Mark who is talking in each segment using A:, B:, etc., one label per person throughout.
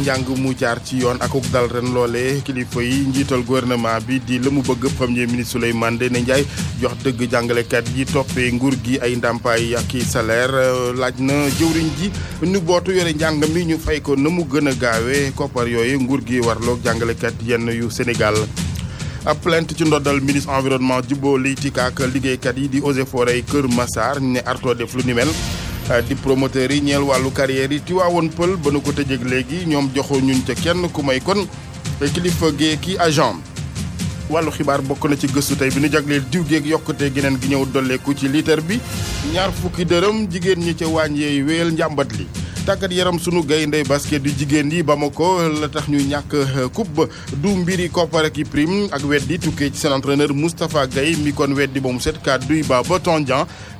A: njàng mu jaar ci yoon akuk dal ren loole kilifa yi njiital gouvernement bi di la mu bëgg premier ministre Souleymane Ndéné Ndiaye jox dëgg jàngalekat yi toppee nguur gi ay ndàmpaay ak i salaire euh, laaj na jëwriñ ji ñu bootu yore njàng mi ñu fay ko na mu gën a gaawee koppar yooyu nguur gi warloog jàngalekat yenn yu Sénégal. ab plainte ci ndoddal ministre environnement jubóo liy tikkaak liggéeykat yi di Eaux et Forêts Kër Massar ne arto def lu ni Euh, di promoteur yi ñeel wàllu carrière yi Tiwaawoon Pël ba nu ko tëjee léegi ñoom joxu ñun ca kenn ku may kon kilifa gee ki agent wàllu xibaar bokk na ci gëstu tey bi nu jagleel diw geeg yokkute geneen gi ñëw dolleeku ci litre bi ñaar fukki dërëm jigéen ñi ca wàññeey wéyal njàmbat li tàggat yaram sunu gaynde basket yu jigéen yi Bamako la tax ñuy ñàkk euh, coupe du mbiri koppar ak i prime ak weddi tukkee ci seen entraîneur Moustapha Gaye mi kon weddi ba mu set kàddu yi ba ba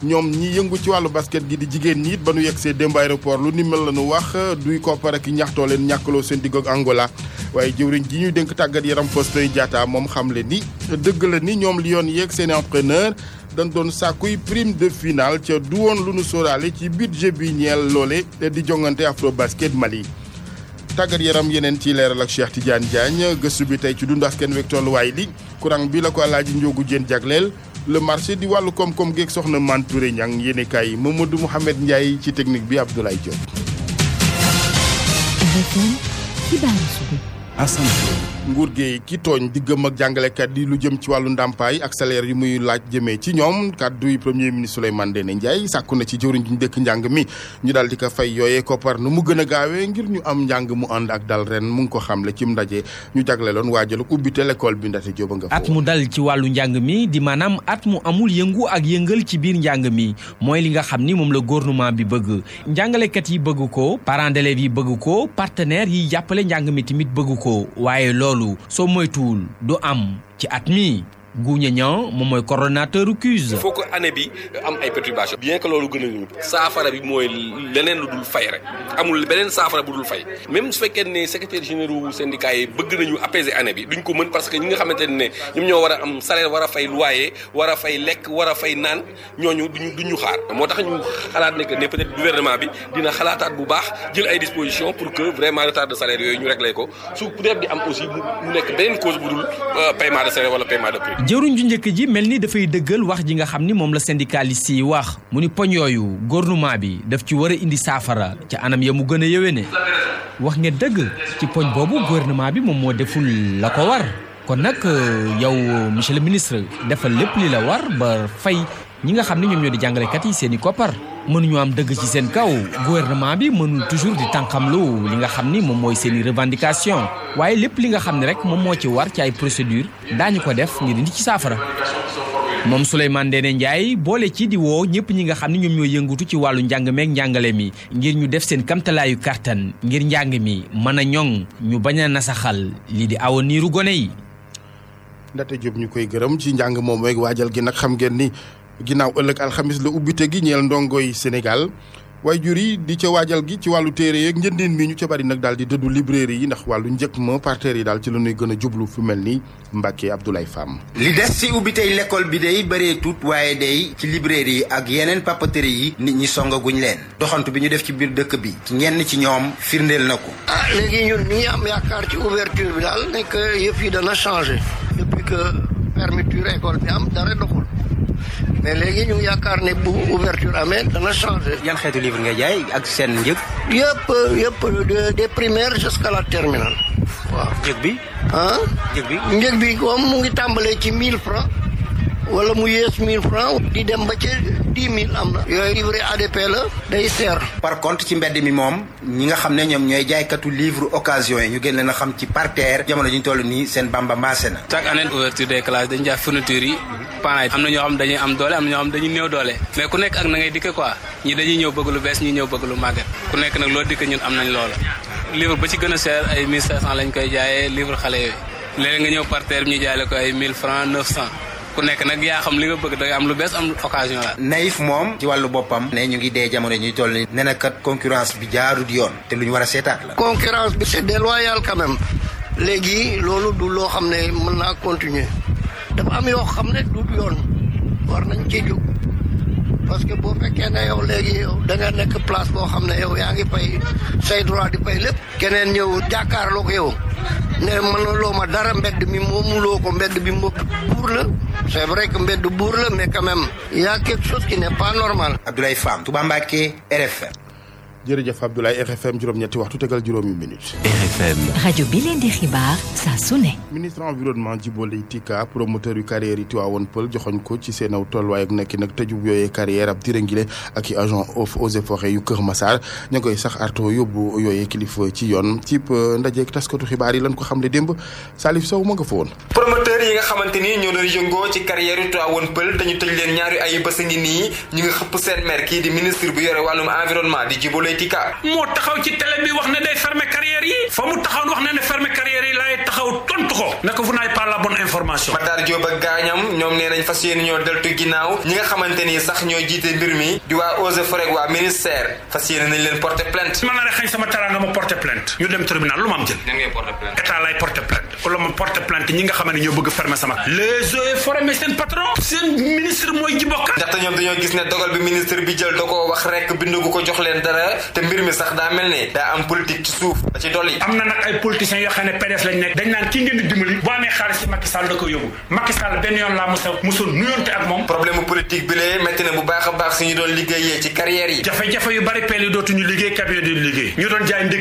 A: ñoom ñi yëngu ci wàllu basket gi di jigéen ñi ba nu yegg see démb aéroport lu ni mel la nu wax duy koppar ak i ñaxtoo leen ñàkkaloo seen digg ak Angola waaye jëwriñ ji ñuy dénk tàggat yaram Faustin Diatta moom xam le ni dëgg la ni ñoom li yoon yeeg seen entraîneur dañ doon sàkkuy prime de finale ca du woon lu nu sóoraale ci budget bi ñeel loole di jongante afro basket Mali. tàggat yaram yeneen ci leeral ak Cheikh Tidiane Diagne gëstu bi tey ci dund askan wi ak tolluwaay li kuran bi la ko alaaji njóogu jën jagleel le marché di wàllu koom-koom geeg soxna Man Touré ñang yéene kaay du Mouhamed Ndiaye ci technique bi Abdoulaye Diop. Assane nguur gi ki tooñ diggam ak jàngalekat yi lu jëm ci wàllu ndàmpaay ak salaire yi muy laaj jëmee ci ñoom kàddu yi premier ministre Souleymane Ndéné Ndiaye sàkku na ci jëwriñ ji ñu dëkk njàng mi ñu daal ko fay yooyee koppar nu mu gën gaawee ngir ñu am njàng mu ànd ak dal ren mu ngi ko xamle ci ndaje ñu loon waa jagleeloon waajal ubbite lekool bi ndate jóoba nga at mu
B: dal ci wàllu njàng mi di maanaam at mu amul yëngu ak yëngal ci biir njàng mi mooy li nga xam ni moom la gouvernement bi bëgg njàngalekat yi bëgg ko parents d'élèves bëgg ko partenaires yi jàppale njàng mi tamit bëgg ko waaye loolu soo moytuwul du am ci at mi Gougne Niang moom mooy coordonnateur CUS. il faut que bi am ay perturbations. bien que loolu gën a saafara bi mooy leneen lu dul fay rek amul beneen saafara bu dul fay même su fekkee ne secrétaire généraux syndicats yi bëgg nañu apaiser année bi duñ ko mën parce que ñi nga xamante ne ñoom ñoo war a am salaire war a fay loyer war a fay lekk war a fay naan ñooñu duñu duñu xaar. moo tax ñu xalaat ne que ne peut gouvernement bi dina xalaataat bu baax jël ay dispositions pour que vraiment retard de salaire ñu réglé ko su grève di jëruñ ju njëkk ji mel ni dafay dëggal wax ji nga xam ni moom la syndicaliste yi wax mu ni poñ yooyu gouvernement bi daf ci war a indi saafara ci anam ya mu gën a ne wax nga dëgg ci poñ boobu gouvernement bi moom moo deful la ko war kon nag euh, yow monsieur le ministre defal lépp li la war ba fay ñi nga xam ne ñoom ñoo di jàngalekat yi seen i koppar mënuñu am dëgg ci seen kaw gouvernement bi mënul toujours di tànqamlu li nga xam ni moom mooy seen i revendication waaye lépp li nga xam ne rek moom moo ci war ci ay procédure daañu ko def ngir indi ci saafara moom Souleymane Ndéné njaay boole ci di woo ñëpp ñi nga xam ne ñoom ñooy yëngatu ci wàllu njàng meeg njàngale mi ngir ñu def seen kamtalaayu kartan ngir njàng mi mën a ñoŋ ñu bañ a nasaxal lii di awa niiru gone yi
A: Ndate Diop ñu koy gërëm ci njàng ginnaaw ëllëg alxamis la ubbite gi ñeel yi Sénégal waaye jur yi di ca waajal gi ci wàllu téere yeeg njëndeen mi ñu ca bari nag daal di dëddu librairie yi ndax wàllu njëkk ma parteer yi daal ci la ñuy gën a jublu fu mel ni Mbacke Abdoulaye Fam
C: li des ci ubbi tey l'école bi day bëree waaye day ci librairie yi ak yeneen papeterie yi nit ñi songaguñ leen doxantu bi ñu def ci biir dëkk bi ñenn ci ñoom firndeel na ko.
D: ah léegi ñun ñi am yaakaar ci ouverture bi daal nekk yëf yi dana changé depuis que fermeture école bi am dara doxul mais léegi ñu ngi yaakaar ne bu ouverture amee dana changé. ñan xeetu livre nga jaay ak seen njëg. yëpp yëpp des primaires jusqu'à la terminale waaw. njëg bi. ah njëg bi njëg mu ngi tàmbalee ci 1000 francs wala mu yées mille francs di dem ba ci dix mille am na. yooyu livre ADP la day seer. par contre ci mbedd mi moom
C: ñi nga xam ne ñoom ñooy katu livre occasion yi ñu gën leen a xam ci parterre jamono ji ñu toll nii seen bamba maase na.
B: chaque année ouverture des classes dañu jaay fourniture yi parents am na ñoo xam dañuy am doole xam dañuy néew doole mais ku nekk ak na ngay dikke quoi ñi dañuy ñëw bëgg lu bees ñi ñëw bëgg lu màgget ku nekk nag loo dikk ñun am nañ loolu livre ba ci a seer ay koy jaayee livre xale yooyu léeg ñu jaay la ko ay 1000 francs 900 ku nekk nag yaa xam li nga bëgg dangay am lu bees am occasion
C: la naïf moom ci wàllu boppam ne ñu ngi dee jamono ñuy toll ni ne na kat concurrence bi jaaru jaarut
D: yoon te lu ñu war a seetaat la concurrence bi c'est déloyal quand même léegi loolu du loo xam ne mën naa continuer dafa am yoo xam ne du yoon war nañ cee jóg parce que boo fekkee ne yow léegi yow da nekk place boo xam ne yow yaa ngi pay say droit di pay lépp. keneen ñëw jàkkaarloo ko yow ne mënuloo ma dara mbedd mi moomuloo ko mbedd bi moom buur la c'est que mbedd buur la mais quand même y a quelque chose qui n'est pas normal. Abdoulaye
A: jërëjëf Abdoulaye RFM juróom-ñetti waxtu tegal juróomi minute. RFM
D: rajo bi leen di xibaar saa su ne. ministre
A: environnement Djiboly Tika promoteur yu carrière yi Tivaouane Peulh joxoñ ko ci seen aw tolluwaay ak nekki nag tëjub yooyee carrière ab dirangile ak i agent eaux et forêt yu Kër Massar ña koy sax arto yóbbu yooyee kilifa ci yoon cib euh, ndaje taskatu xibaar yi lan ko xam xamle démb Salif Sow ma nga fa woon.
C: acteurs yi nga xamante ni ñoo doon yëngoo ci a ngi gaañam ñoom nee nañ fas ñoo deltu ginnaaw ñi nga xamante sax ñoo jiite mbir mi di waa eaux et waa ministère fas yéene nañ leen porter plainte ñu dem tribunal lu ma jël état lay porter plainte wala nga xam ñoo bëgg du fermer sama les eaux et seen patron seen ministre mooy Djibo ndaxte ñoom dañoo gis ne dogal bi ministre bi jël da ko wax rek bindu ko jox leen dara te mbir mi sax daa mel ne daa am politique ci suuf da ci dolli am
E: na nag ay politiciens yoo xam ne PDS lañ nekk dañ naan kii ngeen di dimbali boo
C: amee xaalis ci Macky da ko yóbbu Macky benn yoon laa mosa mosul nuyoonte ak moom problème politique bi lee métti na bu baax a baax suñu ñu doon
B: jaay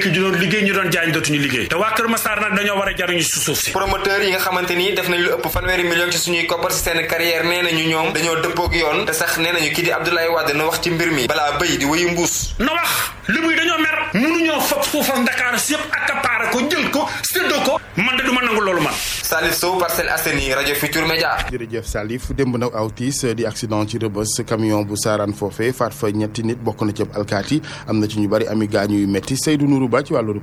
B: a jaruñu
C: si nañu lu ëpp fanweeri million ci suñuy koppar si seen carrière nee nañu ñoom dañoo dëppoog yoon te sax nee nañu kii di Abdoulaye Wade na wax ci mbir mi balaa bëy di wéyu mbuus na wax li muy dañoo mer mënuñoo fab suufam Dakar si yëpp accaparé ko jël ko séddoo ko man de du ma nangu loolu man Salif Sow Parcelles Assainies rajo Futur Média
A: jërëjëf Salif démb nag aw tiis di ci rëbës camion bu saaraan foofe faat fa ñetti nit bokk na ci alkaati am na ci ñu bari ami yu metti Seydou Nourou Ba ci wàllu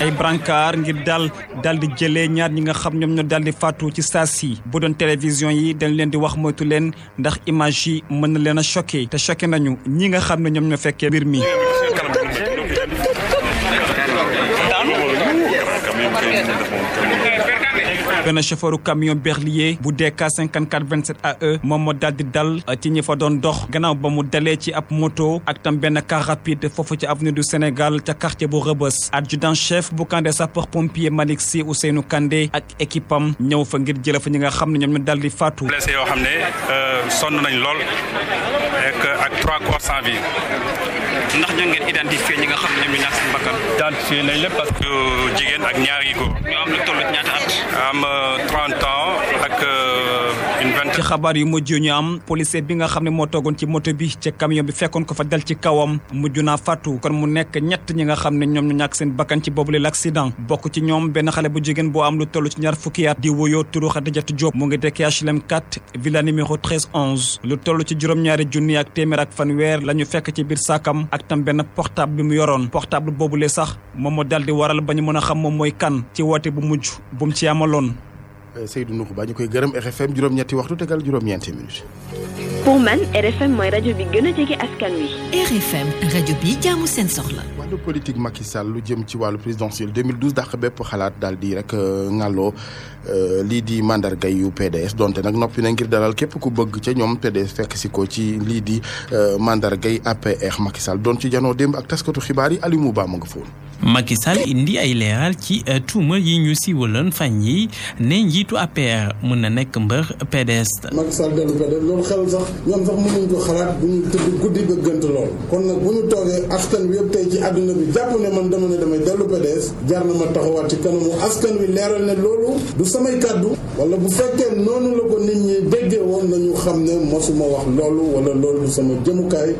A: ay brancard
F: ngir daal daal di jëlee ñaar ñi nga xam ñoom ñoo daal di faatu ci saa si bu doon télévision yi dañ leen di wax moytu leen ndax image yi mën na leen a choqué te choqué nañu ñi nga xam ne ñoom ñoo fekkee mbir mi. benn chauffeuru camion berlier bu DK 54 27 AE moom moo daal di dal euh, ci ñi fa doon dox gannaaw ba mu dalee ci ab moto ak tam benn car rapide foofu ci avenue du Sénégal ca quartier bu Rebeuss adjudant chef bu camp des sapeurs pompiers Malick seenu Ousseynou Kandé ak équipe ñëw fa ngir jëla fa ñi nga xam ne ñoom ñu daal di faatu. blessé
B: yoo xam ne euh, sonn nañ lool ak corps sans vie. ndax ñoo ngeen identifié ñi nga xam ne ñoom ñu ñàkk seen bakkan. identifié nañ leen parce que jigéen ak ñaari góor. ñu am lu toll ñaata at. Euh, ak. Euh,
F: ci xabaar yu mujj ñu am policier bi nga xam ne moo toogoon ci moto bi ci camion bi fekkoon ko fa dal ci kawam mujj na fàttu kon mu nekk ñett ñi nga xam ne ñoom ñu ñàkk seen bakkan ci boobu l'accident bokk ci ñoom benn xale bu jigéen boo am lu toll ci ñaar fukki at di wuyoo turu Xadijatu Diop mu ngi dëkk HLM 4 villa numéro 13 11 lu toll ci juróom-ñaari junni ak téeméer ak fanweer la ñu fekk ci biir saakam ak tam benn portable bi mu yoroon portable boobule sax moom moo dal di waral ba ñu mën a xam moom
A: mooy kan ci woote bu mujj bu mu ci amaloon Euh, Seydou Nourou baa ñu koy gërëm RFM juróom-ñetti waxtu tegal juróom-ñeenti minutes.
G: pour man RFM mooy rajo bi gën a jege askan wi. RFM
H: rajo bi jaamu seen soxla.
A: wàllu politique Macky lu jëm ci wàllu présidentielle 2012 dàq bépp xalaat daal di rek ngàlloo euh, euh, lii di mandarga yu PDS donte nag noppi na ngir dalal képp ku bëgg ca ñoom PDS fekk si ko ci lii di mandarga yi APR Macky Sall doon ci janoo démb ak taskatu xibaar yi Aliou Mouba mu nga foon.
B: Macky Sall indi ay leeral ci euh, tuuma yi ñu siiwaloon fan yi ne njiitu APR mën na nekk mbër PDS.
A: Macky Sall dellu PDS loolu xel sax ñoom sax mënuñ ko xalaat bu ñu tëdd guddi ba gënt kon nag bu ñu toogee askan wi yëpp tey ci àdduna bi jàpp ne man dama ne damay dellu PDS jar na ma taxawaat ci kanamu askan wi leeral ne loolu du samay kàddu wala bu fekkee noonu la ko nit ñi déggee woon nañu xam ne mosuma wax loolu wala loolu sama jëmukaay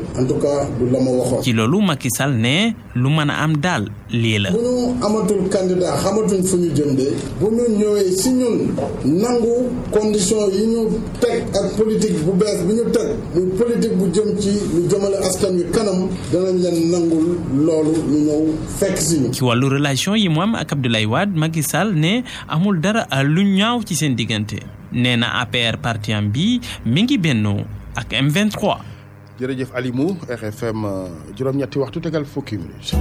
I: ma
B: waxoon. ci loolu Macky Sall ne lu mën a am daal. lii la. bu
A: ñu amatul candidat xamatuñ fu ñu jëm de. bu ñu ñëwee si ñun nangu condition yi ñu teg ak politique bu bees bi ñu teg muy politique bu jëm ci lu jëmale askan wi kanam danañ leen nangul loolu ñu ñëw fekk si ñu.
B: ci wàllu relation yi mu am ak Abdoulaye Wade Macky Sall ne amul dara lu ñaaw ci seen diggante nee na APR parti bi mi ngi bennoo ak m
A: jërëjëf Alimou RFM euh, juróom-ñetti waxtu tegal fukki minutes.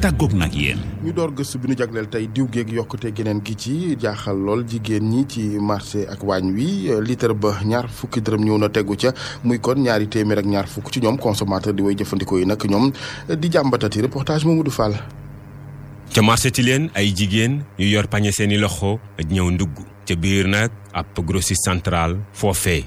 J: ak nag yéen.
A: ñu door gëstu bi ñu jagleel tey diw géeg yokkute geneen gi ci jaaxal lool jigéen ñi ci marché ak waañ wi euh, litre ba ñaar fukki dërëm ñëw na tegu ca muy kon ñaari téeméer ak ñaar fukk ci ñoom consommateur di way jëfandikoo yi nag ñoom euh, di jàmbatati reportage Mamadou Fall.
K: ca marché ci leen ay jigéen yu yor pañe seeni loxo ñëw ndugg ca biir nag ab grossiste central foofee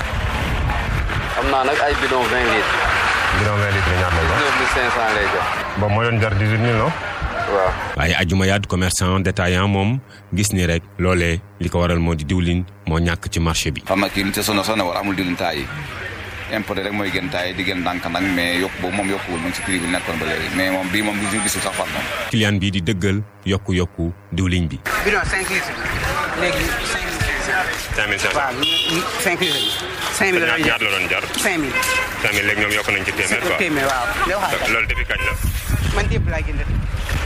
C: xam naa nag ay bidon 20 litres. bidon 20 litres ñaata lay jox. 19500 lay jox.
K: bon jar 18 000 non. waaye ajuma yaat commerçant détaillant moom gis ni rek loolee li ko waral moo di diwlin moo ñàkk ci marché bi. xam nga kii li ci sonn sonn war
L: amul diwlin taay yi mooy gën yi di gën ndànk mais yokk boobu moom yokkuwul moom ci prix bi mais moom bii moom du ñu gisul sax
K: di dëggal yokk yokku diwlin bi. 5000
L: waaw
G: 5000
K: 5000 la ñaar la doon jar 5000 5000 léegi ñoom yokk nañ ci téeméer quoi téeméer waaw loolu depuis
B: kañ la
G: man démb laa jënd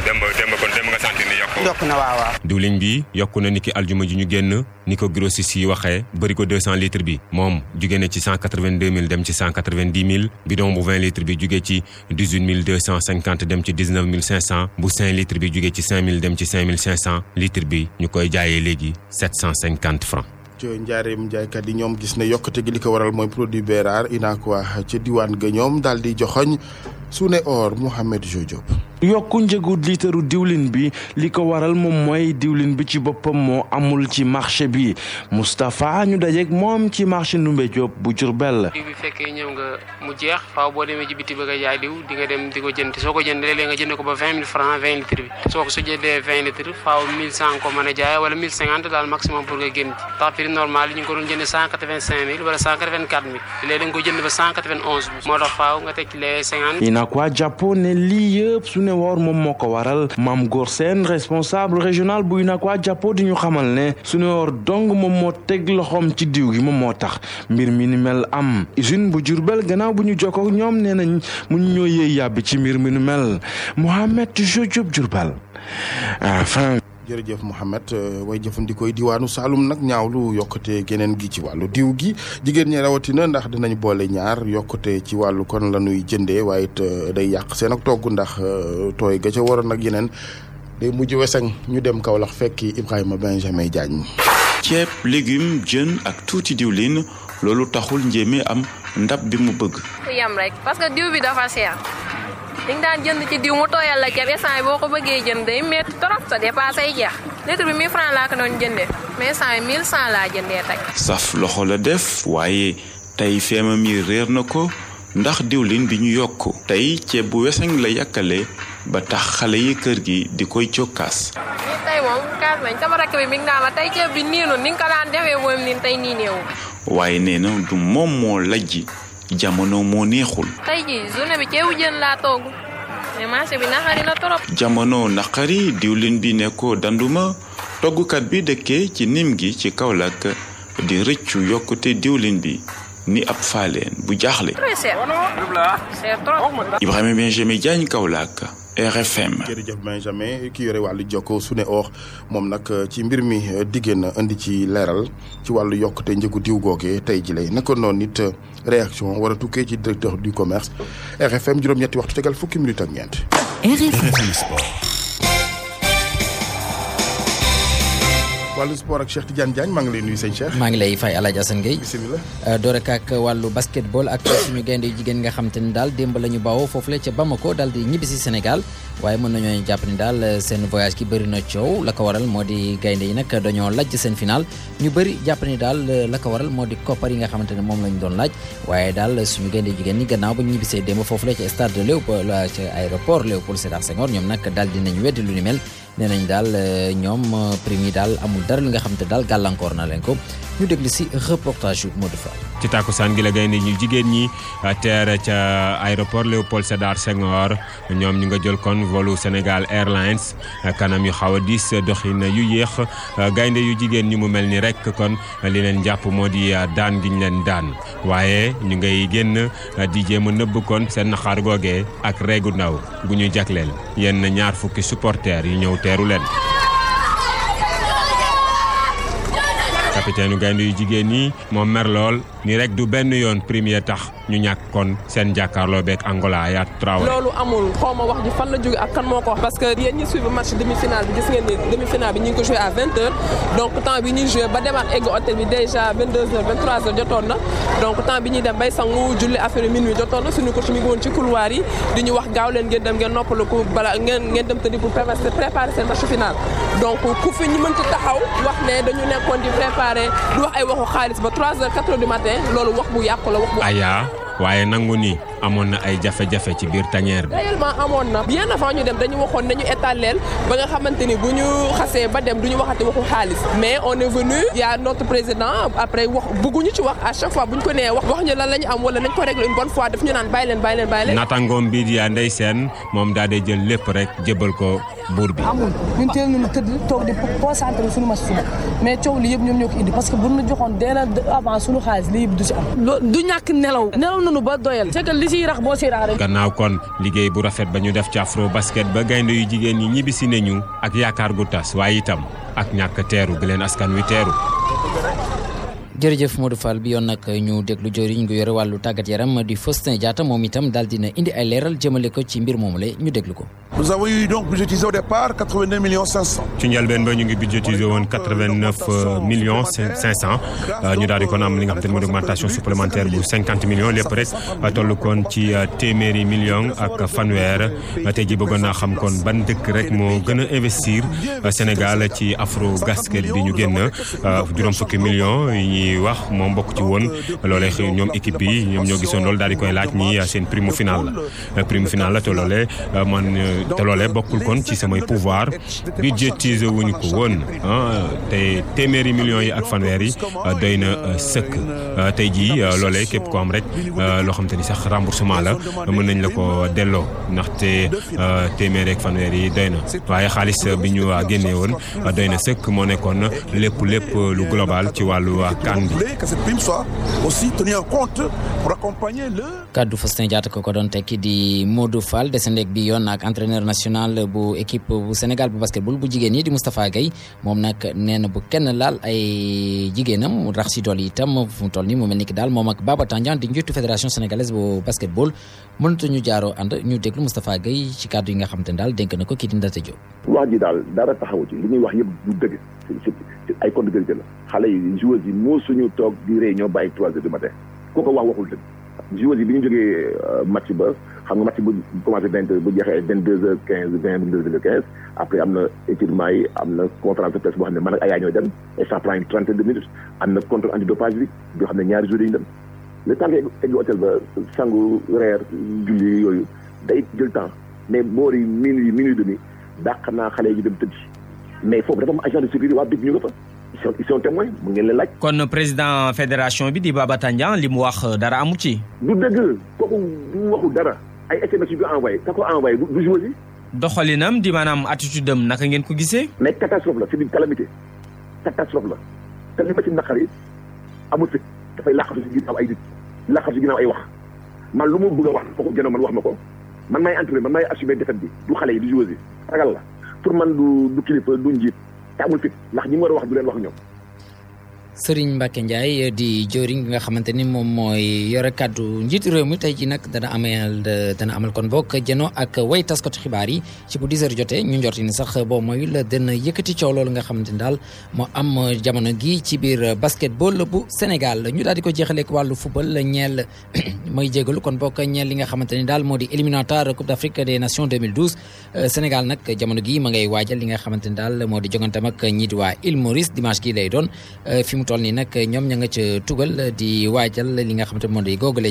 K: démb démb kon démb nga sentir ni yokku. yokku na waaw waaw. diwlin bi yokku na ni ki aljuma ji ñu génn ni ko grossiste yi waxee bëri ko 200 litres bi moom jugee na ci 192000 dem ci 190000 bidon bu 20 litres bi jugee ci 18250 dem ci 19500 bu 5 litres bi jugee ci 5000 dem ci 5500 litre bi ñu koy jaayee léegi 750 francs.
A: ci njaareem jaaykat yi ñoom gis ne te gi li ko waral mooy produit beeraar inaakuwa ci diwaan ga ñoom daal di joxoñ Sune Or Mohamed Diop. yokku njëgu liitaru diwlin bi li ko waral moom mooy diwlin bi ci boppam moo amul ci marché bi Moustapha ñu dajeeg moom ci marché Ndoumbé Diop bu Diourbel.
K: diw bi fekkee ñëw nga mu jeex faaw boo demee ci biti bëgg a jaay diw di nga dem di ko jënd soo ko jëndee bi soo ko su jëndee vingt litre
B: faaw mille cent ko mën jaay wala mille cent cent quatre moo tax faaw nga teg ci les
A: Sakwa jàppo ne lii yëpp su ne woor moom moo ko waral Mame Gor seen responsable régional bu UNACOIS jàppo di ñu xamal ne su ne woor dong moom moo teg loxoom ci diw gi moom moo tax mbir mi ni mel am usine bu Jurbel ganaaw bu ñu jokkoo ñoom nee nañ mu ñoo yëy yàbbi ci mbir mi ni mel Mohamed Diop Diourbel enfin ah, jërëjëf Mouhamed euh, way jëfandikoo diwaanu Saalum nag ñaawlu yokkute geneen gi ci wàllu diw gi jigéen ñi rawatina ndax dinañ boole ñaar yokkute ci wàllu kon la ñuy jëndee waaye it euh, day yàq seen ak togg ndax euh, tooy ga ca waroon ak yeneen day mujj wesang ñu dem Kaolack fekki Ibrahima Benjamin Diagne.
J: ceeb légume jën ak tuuti diwlin loolu taxul njéeme am ndab bi mu bëgg.
G: yam rek parce que diw bi dafa cher. li daan jënd ci diw mu tooyal la ceeb instant boo ko bëggee jënd day métti trop sa dépassé ay jeex litre bi 1000 francs laa ko doon jëndee mais instant
J: saf loxo la def waaye tey feema mi réer na ko ndax diwlin bi ñu yokk. tey ceeb bu weseng la yàkkale ba tax xale yi kër gi di koy cokkaas.
G: tey moom kaas nañ sama rakk bi mi ngi naan ma tey ceeb bi niinu ni ko daan defee moom nii tey nii
J: waaye nee na du moom moo lajji. jamono moo neexul. tey jii jamono naqari diwlin bi ne danduma toggkat bi dëkkee ci nim gi ci Kaolack di rëccu yokkute diwlin bi ni ab faaleen bu jaaxle.
B: Oh oh Ibrahima
J: Benjamin Diagne RFM.
A: jërëjëf Benjamin ki yore wàllu jokko su ne oox moom nag euh, ci mbir mi euh, diggéen na indi ci leeral ci wàllu yokkute njegu diw googee tey ji lay naka noonu nit euh, réaction war a tukkee ci directeur du commerce RFM juróom-ñetti waxtu tegal fukki minute ak ñeent. wàllu sport ak Cheikh Tidiane Diagne maa ngi lay nuyu sëñ Cheikh. maa ngi lay fay El Hadj Assane Gueye.
H: bisimilah. Euh, door ak ak wàllu basketball ak suñu gaynde jigéen nga xam te daal démb la ñu bawoo foofu la ca Bamako daal di ñibbi si Sénégal waaye mën nañoo jàpp ni daal euh, seen voyage ki bëri na coow la ko waral moo di gaynde yi nag dañoo lajj seen final ñu bari jàpp ni daal euh, la ko waral moo di koppar yi nga xamante ne moom lañu doon laaj waaye daal suñu gaynde jigéen ñi gannaaw ba ñu ñibbisee démb foofu la ca stade de Léopold ca aéroport ñoom nag daal dinañ weddi lu ni mel nee nañ daal euh, ñoom euh, prime yi daal amul dara li nga xam te daal gàllankoor na leen ko déglu si reportage yu Modou
K: ci tàkkusaan gi la gaynde ñu jigéen ñi euh, teer ca aéroport Léopold Sédar Senghor ñoom ñu nga jol kon volu Sénégal Airlines kanam yu xaw a diis doxin yu yéex gaynde yu jigéen ñi mu mel ni rek kon li leen jàpp moo di daan gi ñu leen daan waaye ñu ngay génn di jéem a nëbb kon seen naxaar googee ak reegu ndaw gu ñu jagleel yenn ñaar fukki supporters yi ñëw teeru leen kapiteenu gaynde yu jigéen ñi moom mer lool ni rek du benn yoon premier tax ñu ñàkk kon seen jàkkaarloo beeg Angola yaa Traoré.
B: loolu amul xaw wax ji fan la jóge ak kan moo ko wax parce que yéen ñi suivre demi-finale bi ñu ko joué à 20 donc temps bi ñuy dem bay sangu julli affaire minuit jotoon na suñu coach mi ngi woon ci couloir yi di ñu wax gaaw leen ngeen dem ngeen noppalu ko bala ngeen dem tëddi pour préparer seen match final donc ku pare wax ay waxu xaalis ba 3 heures 4 heures du matin loolu wax bu yàqu la wax bu. ayaa
K: waaye nangu nii. amoon na ay jafe-jafe ci biir tanière bi.
B: réellement amoon na bien avant ñu dem dañu waxoon nañu étal ba nga xamante ni bu ñu xasee ba dem du ñu waxati waxu xaalis mais on est venu y a notre président après wax bëgguñu bu ko nee wax wax ñu la ñu am wala nañ ko régler une bonne fois daf ñu
K: moom daal jël lépp rek jëbal ko
M: buur bi. amul ñu teel nañu tëdd toog di concentré suñu match suba mais coow li yëpp ñoom ñoo ko indi parce que bu ñu joxoon dès avant suñu
B: xaalis li yëpp du ci
H: nelaw nelaw nañu ba doyal siy boo siy
K: gannaaw kon liggéey bu rafet ba ñu def ci afro basket ba gaynde yu jigéen ñi ñibbisi nañu ak yaakaar gu tas waaye itam ak ñàkk teeru bi leen askan wi teeru.
H: jërëjëf Modou Fall bi yoon nag ñu déglu joriñ gu yore wàllu tàggat yaram di Faustin Diatta moom itam daal dina indi ay leeral jëmale ko ci mbir moomule ñu déglu ko.
L: nous avons eu donc budgétisé au départ 82 millions 500. ci
K: njëlbeen ba ñu ngi budgétisé woon 89 euh, euh, millions euh, ñu daal kon am li nga xam te ne mooy augmentation supplémentaire bu 50 millions lépp rek toll kon ci téeméeri millions ak fanweer te ji bëggoon naa xam kon ban dëkk rek moo gën a investir Sénégal ci afro gasket bi ñu génn juróom fukki millions yi ñuy wax moo mbokk ci woon loolee xëy ñoom équipe bi ñoom ñoo gisoon loolu daal di koy laaj ñi seen prime finale la prime finale la te loolee man. te loolee bokkul kon ci samay pouvoir budgétiser wuñu ko woon ah te téeméeri million yi ak fanweer yi ah, doy na ah, sëkk ah, tey jii loolee képp ko am rek loo xam ni sax remboursement la mën nañ la ko delloo ndax te téeméeri ak fanweer yi doy na waaye xaalis bi ñu waa génnee woon doy na sëkk moo nekkoon lépp lépp lu global ci wàllu kan bi.
H: kàddu Faustin Diatta ko ko doon tekki di Modou Fall desandéeg bi yoon ak entraîneur entraîneur national bu équipe bu Sénégal bu basketball bu jigéen ñi di Moustapha Guèye moom nag nee bu kenn laal ay jigéenam rax si tool yi itam fu mu toll nii mu mel ni ki daal moom ak Baba Tandian di njiitu fédération sénégalaise bu basketball mënatu ñu jaaroo ànd ñu déglu Moustapha Guèye ci kàddu yi nga xam te daal dénk na ko kii di Ndate Diop.
E: wax ji daal dara taxawu ci li ñuy wax yëpp du dëgg ay compte de la xale yi joueurs yi moo suñu toog di réunion ba ay trois heures du matin ku euh, ba. xam nga match bu commencé vingt heures bu jeexee vingt deux heures après am na étirement yi am na conférence de presse boo xam ne man ak Aya ñooy dem et ça prend une trentaine de minutes am na contrôle antidopage bi yoo xam ne ñaari jours yi ñu dem le temps que egg hôtel ba sangu reer julli yooyu day jël temps mais boori minuit minuit demi dàq naa xale yi ñu dem tëddi mais foofu dafa am agent de sécurité waa DIC ñu nga fa. ils sont ils mu ngeen leen laaj.
B: kon président fédération bi di Baba Tandian li mu wax dara amu ci.
E: du dëgg kooku ay SMS yu ko envoyé ka ko envoyé du joué si.
B: doxalinam di maanaam attitude am naka ngeen ko gisee.
E: mais catastrophe la c'est une calamité catastrophe la te li ma ci naqar yi amul fi dafay laqatu si ginnaaw ay nit laqatu si ginnaaw ay wax man lu mu bëgg a wax foofu gënoon man wax ma ko man maay entraîné man maay assumé défaite bi du xale yi du joué si ragal la pour man du du kilifa du njiit te amul fit ndax ñi mu war a wax du leen wax ñoom.
H: Serigne Mbacke Ndiaye eh, di jëwriñ bi nga xamante ni moom mooy yore kàddu njiitu réew mu tey ji nag dana amee dana amal kon bokk jëno ak way taskatu xibaar yi ci bu 10 heures jotee ñu njorti sax boo mooy la dana yëkkati coow loolu nga xamante ni daal moo am jamono gi ci biir basketball bu Sénégal ñu daal di ko jeexaleek wàllu football ñeel may jégalu kon bokk ñeel li nga xamante daal moo di éliminatoire Coupe d'Afrique des Nations 2012 euh, Sénégal nag jamono gi ma ngay waajal li nga xamante daal moo di jongantam euh,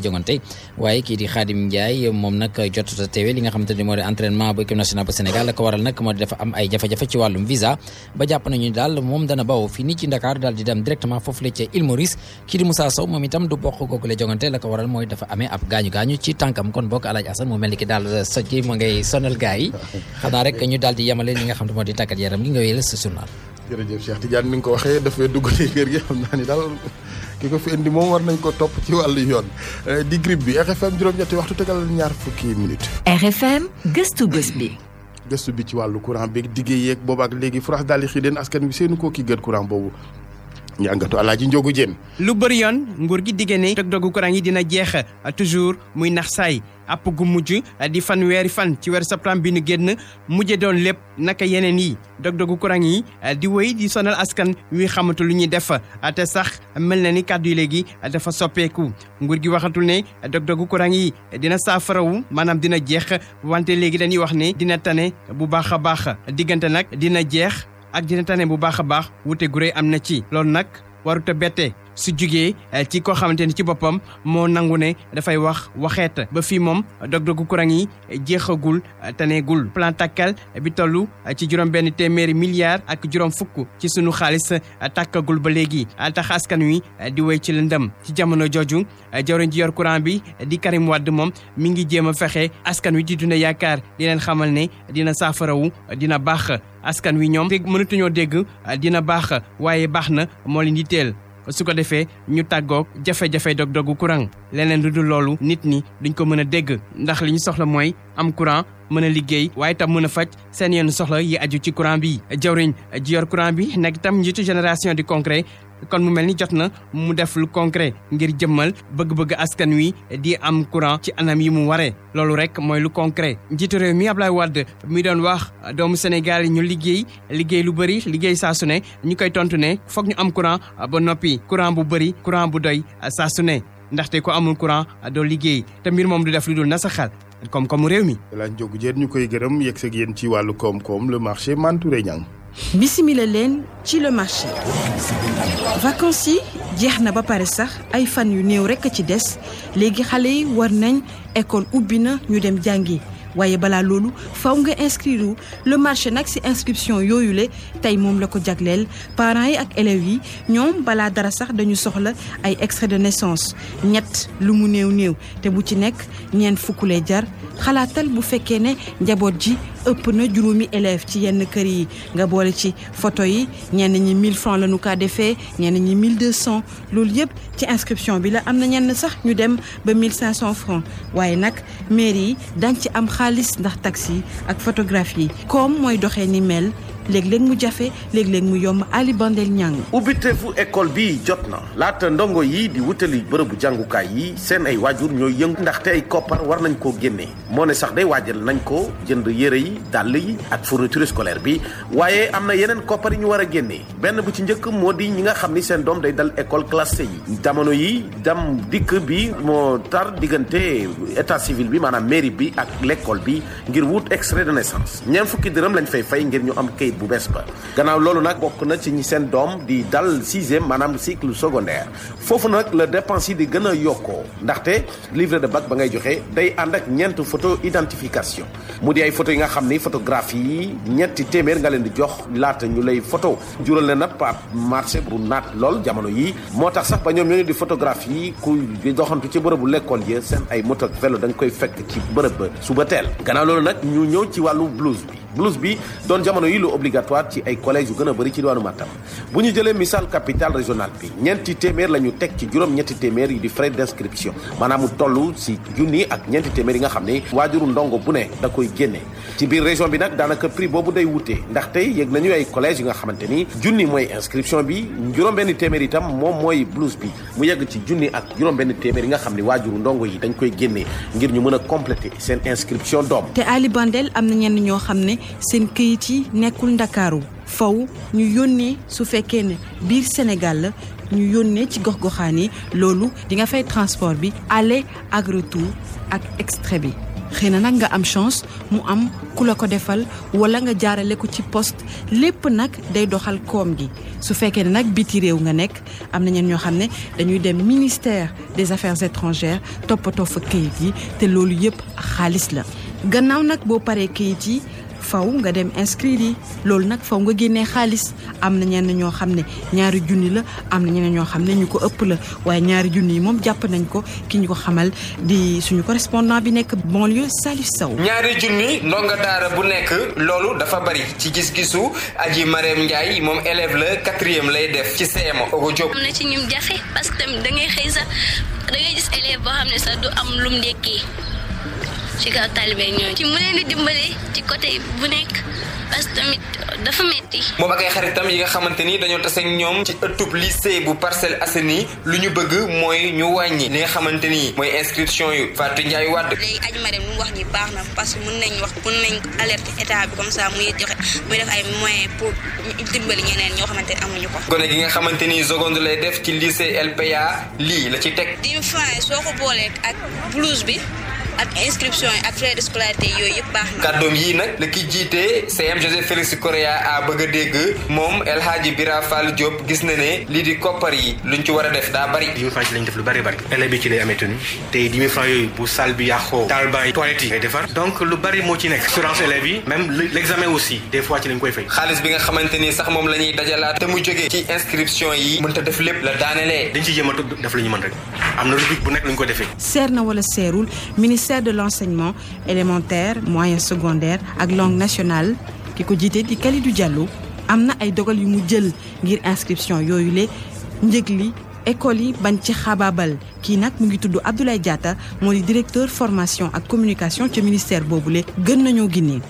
H: jongante waaye kii di Khadim Ndiaye moom nag jotata teewe li nga xamante ni moo di entraînement bu équipe nationale bu Sénégal la waral nag moo di dafa am ay jafe-jafe ci wàllum visa ba jàpp nañu daal moom dana baw fii nii ci Dakar daal di dem directement foofu la amee ab gaañu gaañu ci tànkam kon bokk alaaj asan mu mel ni ki daal sojji mu ngay sonal gars yi xanaa rek ñu daal di yemale li nga xam te moo di tàggat yaram gi nga wéyal sa journal
A: jërëjëf Cheikh Tidiane ni nga ko waxee dafay ko fi moom war nañ ko topp ci wàllu yoon eh, di grippe bi RFM juróom-ñetti waxtu tegal ñaar fukki minutes. RFM gëstu bi. ci wàllu courant beeg diggé yeeg boobaak léegi furax daal di xi deen askan wi seenu koo kii gën courant boobu. njàngatu alaaji njogu jéen
M: lu bëriyoon yoon nguur gi digée ne dog dogu courant yi dina jeex toujours muy nax saay app gu mujj di fanweeri fan ci weer septembre bi nu génn mujje doon lépp naka yeneen yi dog dogu courant yi di wéy di sonal askan wi xamatu lu ñuy def te sax mel na ni kàddu yi léegi dafa soppeeku nguur gi waxatul ne dog dogu courant yi dina saafarawu maanaam dina jeex wante léegi dañuy wax ne dina tane bu baax a baax diggante nag dina jeex ak dina tane bu baax a baax wute gure am na ci loolu nag warut a bette su jugee eh, ci koo xamante ni ci boppam moo nangu ne dafay wax waxeet ba fii moom dog-dogu courant yi jeexagul eh, taneegul plan tàkkal eh, bi toll ci juróom benn téeméeri milliards ak juróom fukk ci sunu xaalis tàkkagul ba léegi tax askan wi di wéy ci lëndëm ci jamono jooju jawriñ ji yor courant bi di Karim Wade moom mi ngi jéem a fexe askan wi di dund yaakaar di leen xamal ne dina saafarawu dina baax askan wi ñoom mënatuñoo dégg dina baax waaye baax na moo leen di teel su ko defee ñu tàggoog jafe-jafe dog-dogu courant leneen lu dul loolu nit ñi duñ ko mën a dégg ndax li ñu soxla mooy am courant mën a liggéey waaye tam mën a faj seen yenn soxla yi aju ci courant bi jawriñ ji yor courant bi nag itam njiitu génération di concret kon mu mel ni jot na mu def lu concret ngir jëmmal bëgg-bëgg askan wi di am courant ci anam yi mu waree loolu rek mooy lu concret njiitu réew mi Ablaye Wade mi doon wax doomu Sénégal yi ñu liggéey liggéey lu bëri liggéey saa su ne ñu koy tontu ne foog ñu am courant ba noppi courant bu bëri courant bu doy saa su ndaxte ko amul courant doo liggéey te mbir moom du def lu dul nasaxal koom-koomu réew mi.
A: lañ jóg jéen ñu koy gërëm yegg seeg yéen ci wàllu koom-koom le marché Mantouré Niang
M: bisimile
G: leen ci le marché vacances yi jeex na ba pare sax ay fan yu néew rekk a ci des léegi xale yi war nañ école ubbi na ñu dem jàngi waaye balaa loolu faw nga inscrire le marché nag ci inscription yooyule tey moom la ko jagleel parents yi ak élèves yi ñoom balaa dara sax dañu soxla ay extrait de naissance ñett lu mu néew néew te bu ci nekk ñeent fukk lay jar xalaatal bu fekkee ne njaboot ji ëpp na juróomi élève ci yenn kër yi nga boole ci foto yi ñenn ñi 1000 francs la ñu kaa defee ñenn ñi 1200 loolu yëpp ci inscription bi la am na ñenn sax ñu dem ba 1500 francs waaye nag mairie yi dañ ci am xaalis ndax taxi ak photographie yi comme mooy doxee ni mel léeg-léeg mu jafe léeg-léeg mu yomb Ali Bandel Niang
L: fu école bi jot na laata ndongo yi di wutali bërëbu jàngukaay yi seen ay waajur ñooy yëngu ndaxte ay koppar war nañ koo génnee moo ne sax day waajal nañ ko jënd yëre yi dàll yi ak fourniture scolaire bi waaye am na yeneen koppar yi ñu war a génnee benn bu ci njëkk moo di ñi nga xam ni seen doom day dal école classé yi jamono yi dam dikk bi moo tar diggante état civil bi maanaam mairie bi ak l'école bi ngir wut extrait de naissance ñeent fukki dërëm lañ fay fay ngir ñu am kayit bu bees ba gannaaw loolu nag bokk na ci ñi seen doom di dal sixième maanaam cycle secondaire foofu nag la dépense yi di gën a yokkoo ndaxte livre de bac ba ngay joxe day ànd ak ñeent photo identification mu di ay photo yi nga xam ni photographie yi ñetti téeméer nga leen di jox laata ñu lay photo jural leen ab marché bu naat lool jamono yi moo tax sax ba ñoom ñoo di photographie yi ku doxantu ci bërëbu lekkool yi seen ay moto ak vélo koy fekk ci bërëb suba teel gannaaw loolu nag ñu ñëw ci wàllu blouse bi blouse bi doon jamono yi lu obligatoire ci ay collège yu gën a bari ci diwaanu Matam bu ñu jëlee misaal capital régional bi ñeenti téeméer la ñu teg ci juróom ñetti téeméer yi di frais d'inscription maanaam mu toll si junni ak ñeenti téeméer yi nga xam ne waajuru ndongo bu ne da koy génne ci biir région bi nag daanaka prix boobu day wutee ndaxte yëg nañu ay collège yi nga xamante ni junni mooy inscription bi juróom benn téeméer itam moom mooy bi mu yegg ci junni ak juróom benn téeméer yi nga xam ne waajuru ndongo yi dañ koy génne ngir ñu mën a seen inscription doom
G: te Ali Bandel ñoo xam ne seen këyit yi nekkul ndakaaru faw ñu yónnee su fekkee ne biir Sénégal la ñu yónnee ci gox-goxaan yi loolu di nga fay transport bi aller ak ak extre bi xëy na nag nga am chance mu am ku la ko defal wala nga jaarale ko ci post lépp nag day doxal koom gi su fekkee ne nag biti réew nga nekk am na ñeen ñoo xam ne dañuy dem ministère des affaires étrangères toppatoo fa këyit yi te loolu yëpp xaalis la gannaaw nag boo paree këyit yi faw nga dem inscrire yi loolu nag faw nga génnee xaalis am na ñenn ñoo xam ne ñaari junni la am na ñeneen ñoo xam ne ñu ko ëpp la waaye ñaari junni yi moom jàpp nañ ko ki ñu ko xamal di suñu correspondant bi nekk banlieue Salif Sow ñaari junni ndonga
C: daara bu nekk loolu dafa bari ci gis-gisu Aji Marème Ndiaye moom élève la quatrième lay def ci CM Ogo Diop am
D: na ci ñum jafe parce que tamit da ngay xëy sax da gis élève boo xam ne sax du am lum ndekkee ci kaw taalibe ñooñu ci mu leen di dimbale ci côté bu nekk parce que tamit dafa metti moom ak xaritam
C: yi nga xamante ni dañoo tase ñoom ci ëttub lycée bu Parcelles Assainies lu ñu bëgg mooy ñu wàññi li nga xamante ni mooy inscription yu Fatou Ndiaye Wade léegi
F: aj ma dem mu wax ni baax na parce
D: que mun nañu wax mun nañ alerter état bi comme ça muy joxe muy def ay moyens pour dimbali ñeneen ñoo xamante ne amuñu ko
G: gone
C: gi nga xamante ni seconde lay def ci lycée LPA lii la ci
G: teg dix soo ko boolee ak blouse bi ak inscription yi ak frais de scolarité
F: yooyu yëpp baax na.
C: kàddoom yii nag la ki jiite CM Joseph Félix Correa a bëgg a dégg moom El Hadji Bira Fall gis na ne lii di koppar yi lu luñ ci war a def daa bari. li mu fàcc lu bari bari. élèves bi ci lay amee tenu te dix mille francs yooyu bu salle bi yàqoo. taal ba toilette yi ngay defar. donc lu
B: bari moo ci nekk. assurance élèves yi même l'examen aussi des fois ci lañ koy fay. xaalis
C: bi nga xamante ni sax moom la ñuy dajalaat te mu jógee ci inscription yi mënta def lépp la daanelee. dañ ci jéem a def lu ñu mën lu ñu ko defee.
G: seer na wala seerul ministre ministère de l'enseignement élémentaire moyen secondaire ak langue nationale ki ko jiite di Kalidou Diallo am na ay dogal yu mu jël ngir inscription yooyu le njëg li école yi bañ ci xabaabal kii nag mu ngi tudd Abdoulaye jaata moo di directeur formation ak communication ci ministère boobu boobule gën nañoo gini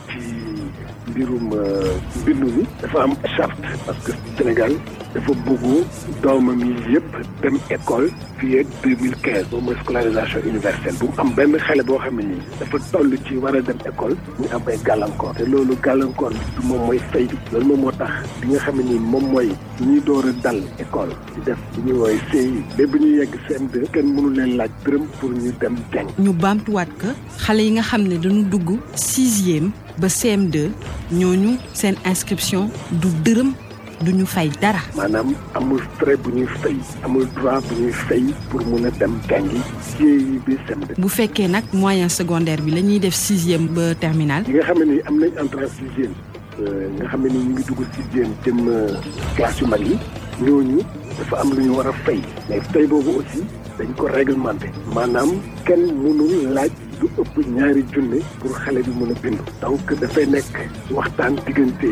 I: dafa bëgg doomam yi yëpp dem école fii ak deux mille quinze moom mooy scolarisation universelle bu mu am benn xale boo xam ne nii dafa toll ci war a dem école ñu am ay gàllankoor te loolu gàllankoor bi moom mooy fay loolu moom moo tax li nga xam ne nii moom mooy ñuy door a dal école di def li ñuy woowee CI ba bu ñuy yegg CM2 kenn mënu leen laaj dërëm pour ñu dem jàng
G: ñu baamtuwaat que xale yi nga xam ne dañu dugg sixième ba CM2 ñooñu seen inscription du dërëm du ñu fay dara.
I: maanaam amul frais bu ñuy fay. amul droit bu ñuy fay pour mun a dem jàngi. yi bi cm
G: bu fekkee nag moyen secondaire bi lañuy def sixième ba terminal.
I: yi nga xam ne am nañ entrée sixième. Euh, nga xam ne ñu ngi dugg sixième dem euh, classe yu mag yi. ñooñu dafa am lu ñu war a fay. mais fay boobu aussi dañ ko réglementé. maanaam kenn mënul laaj. ëpp ñaari junne pour xale bi mën a bindu donc dafay nekk waxtaan diggante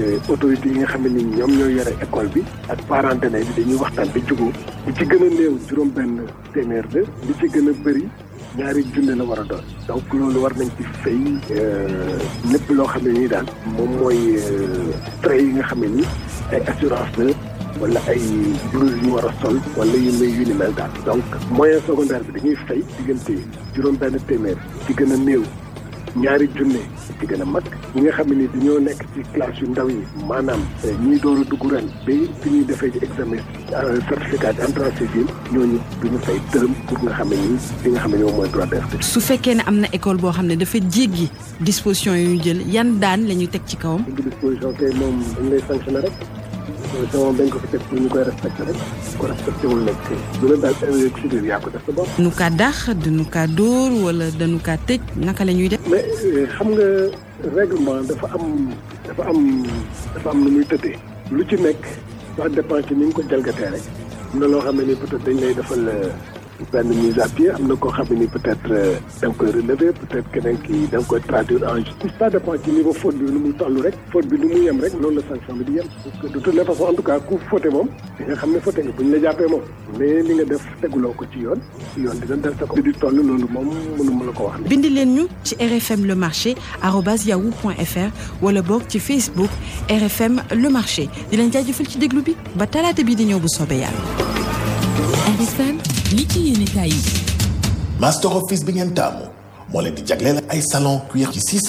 I: euh, autorités yi nga xam ni ñoom ñoo yore école bi ak parents d'élèves bi dañuy waxtaan di jubóo li ci gën a néew juróom benn téeméer la li ci gën a bëri ñaari junne la war a doon donc loolu war nañ ci fay euh, lépp loo xam ne nii daal moom mooy euh, frais yi nga xam ne ni ay assurance la wala ay juróom yu war a sol wala yu may yu ni mel daal donc moyen secondaire bi dañuy fay diggante juróom benn téeméer ci gën a néew ñaari junne ci gën a mag ñi nga xam ni dañoo nekk ci classe yu ndaw yi maanaam eh, ñiy door a dugg ren ba fi ñuy defee ci examen euh, certificat d'entrée civile ñooñu duñu fay dërëm pour nga xam ne nii li nga xam ne moom mooy droit d'entrée.
G: su fekkee ne am na école boo xam ne dafa jéggi disposition yu ñu jël yan daan la ñuy teg ci kawam. disposition kay
I: moom dañ lay sanctionné rek. te moom dañ ko fi teg pour ñu koy respecté rek ko respecté wul nekk du la daal ëllëg
G: yaa ko def sa bopp. dañu kaa dàq dañu kaa dóor wala dañu kaa tëj naka la ñuy def. mais
I: xam nga règlement dafa am dafa am dafa am lu muy tëddee. lu ci nekk wax dépend ci ni nga ko jalgatee rek. am na loo xam ne nii peut-être dañ lay defal. Euh, benn mise à pied am na koo xam ni peut euh, koy relever peut-être ki da nga koy traduire en justice. ça dépend ci niveau faute bi nu muy toll rek. faute bi nu mu yem rek loolu la sanction bi di yem. parce que de toutes les façons en tout cas ku faute moom. di nga xam ne faute nga buñ la jàppee moom. mais li nga def teguloo ko ci yoon. yoon dina def sa ko. loolu moom mënuma la ko wax.
G: bindi leen ñu ci rfm le marché arobase yahoo point fr wala boog ci f rfm le marché di leen jaajëfal ci déglu bi ba talaata bii di ñëw bu soobee li ci
J: yéenekaay yi. Master Office bi ngeen taamu moo leen di jagleel ay salon cuir ci